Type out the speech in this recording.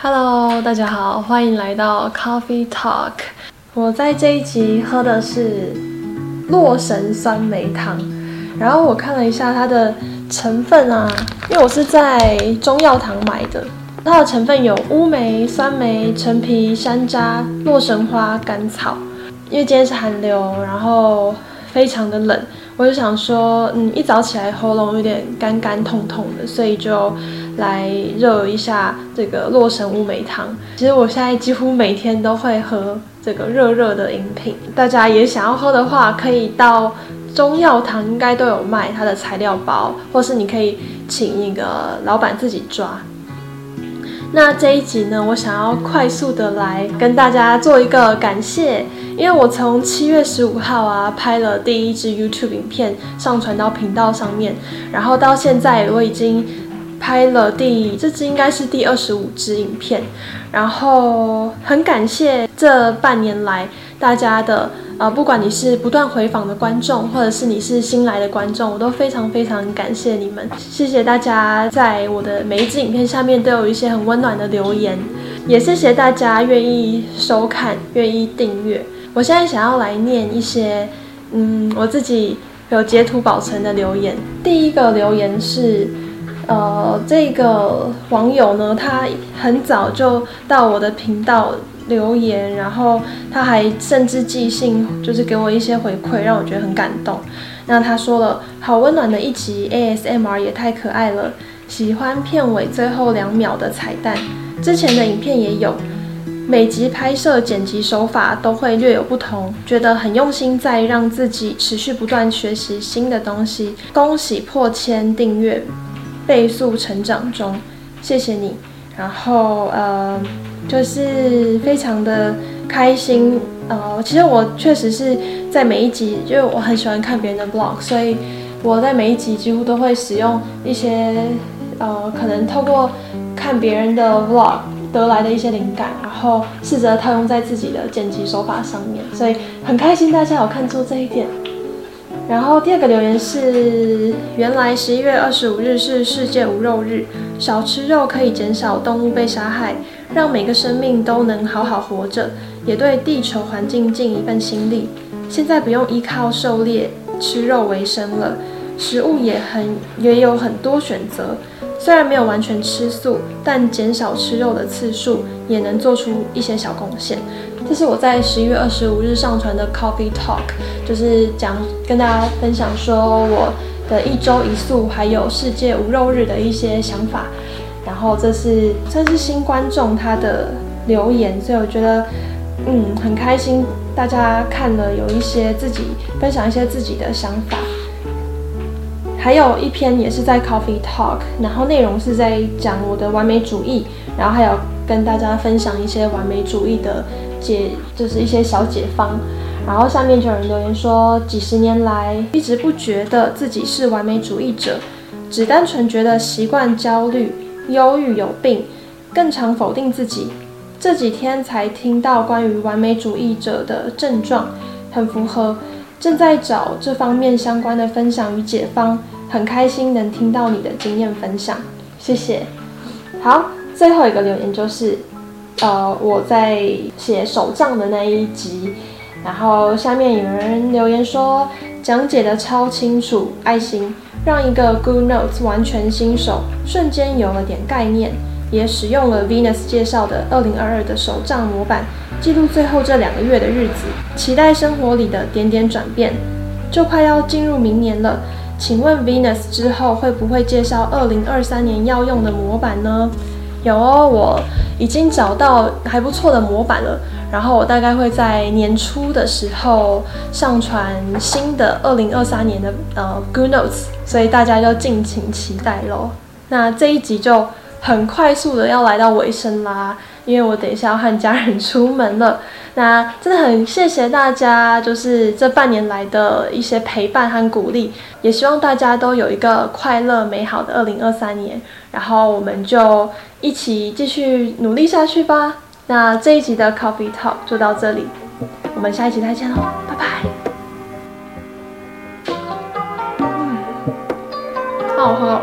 Hello，大家好，歡迎來到 Coffee Talk。我在這一集喝的是洛神酸梅湯，然後我看了一下它的成分啊，因為我是在中藥堂買的，它的成分有烏梅、酸梅、陳皮、山楂、洛神花、甘草。因為今天是寒流，然後非常的冷，我就想說，嗯，一早起來喉嚨有點乾乾痛痛的，所以就。來熱一下這個洛神烏梅湯。其實我現在幾乎每天都會喝這個熱熱的飲品。大家也想要喝的話，可以到中藥堂，應該都有賣它的材料包，或是你可以請那個老闆自己抓。那這一集呢，我想要快速的來跟大家做一個感謝，因為我從七月十五號啊，拍了第一支 YouTube 影片上傳到頻道上面，然後到現在我已經。拍了第這支，應該是第二十五支影片，然後很感謝這半年來大家的啊、呃，不管你是不斷回訪的觀眾，或者是你是新來的觀眾，我都非常非常感謝你們。謝謝大家在我的每一支影片下面都有一些很溫暖的留言，也謝謝大家願意收看，願意訂閱。我現在想要來念一些，嗯，我自己有截圖保存的留言。第一個留言是呃，這個網友呢，他很早就到我的頻道留言，然後他還甚至寄信，就是給我一些回饋，讓我覺得很感動。那他說了，好溫暖的一集 ASMR 也太可愛了，喜歡片尾最後兩秒的彩蛋，之前的影片也有，每集拍攝剪輯手法都會略有不同，覺得很用心，在讓自己持續不斷學習新的東西。恭喜破千訂閱。倍速成長中，謝謝你。然後呃，就是非常的開心。呃，其實我確實是在每一集，因為我很喜歡看別人的 vlog，所以我在每一集幾乎都會使用一些呃，可能透過看別人的 vlog 得來的一些靈感，然後試着套用在自己的剪輯手法上面。所以很開心大家有看出這一點。然後第二個留言是，原來十一月二十五日是世界無肉日，少吃肉可以減少動物被殺害，讓每個生命都能好好活着，也對地球環境盡一份心力。現在不用依靠狩獵吃肉為生了，食物也很也有很多選擇，雖然沒有完全吃素，但減少吃肉的次數也能做出一些小貢獻。這是我在十一月二十五日上傳的 Coffee Talk，就是講跟大家分享說我的一周一素，還有世界無肉日的一些想法。然後這是這是新觀眾他的留言，所以我覺得嗯，很開心，大家看了有一些自己分享一些自己的想法。還有一篇也是在 Coffee Talk，然後內容是在講我的完美主義，然後還有跟大家分享一些完美主義的。解，就是一些小解方，然後下面就有人留言說，幾十年來一直不覺得自己是完美主義者，只單純覺得習慣焦慮、憂鬱有病，更常否定自己，這幾天才聽到關於完美主義者的症狀，很符合，正在找這方面相關的分享與解方，很開心能聽到你的經驗分享，謝謝。好，最後一個留言就是。呃，我在寫手賬的那一集，然後下面有人留言說，講解得超清楚，愛心讓一個 GoodNotes 完全新手瞬間有了點概念，也使用了 Venus 介紹的2022的手賬模板，記錄最後這兩個月的日子，期待生活裡的點點轉變。就快要進入明年了，請問 Venus 之後會不會介紹2023年要用的模板呢？有哦，我。已經找到還不錯的模板了，然後我大概會在年初的時候上傳新的二零二三年的呃 Good Notes，所以大家就盡情期待咯，那這一集就很快速的要來到尾聲啦。因為我等一下要和家人出門了，那真的很謝謝大家，就是這半年來的一些陪伴和鼓勵，也希望大家都有一個快樂美好的二零二三年，然後我們就一起繼續努力下去吧。那這一集的 Coffee Talk 就到這裡，我們下一集再見嘍，拜拜。嗯。好好。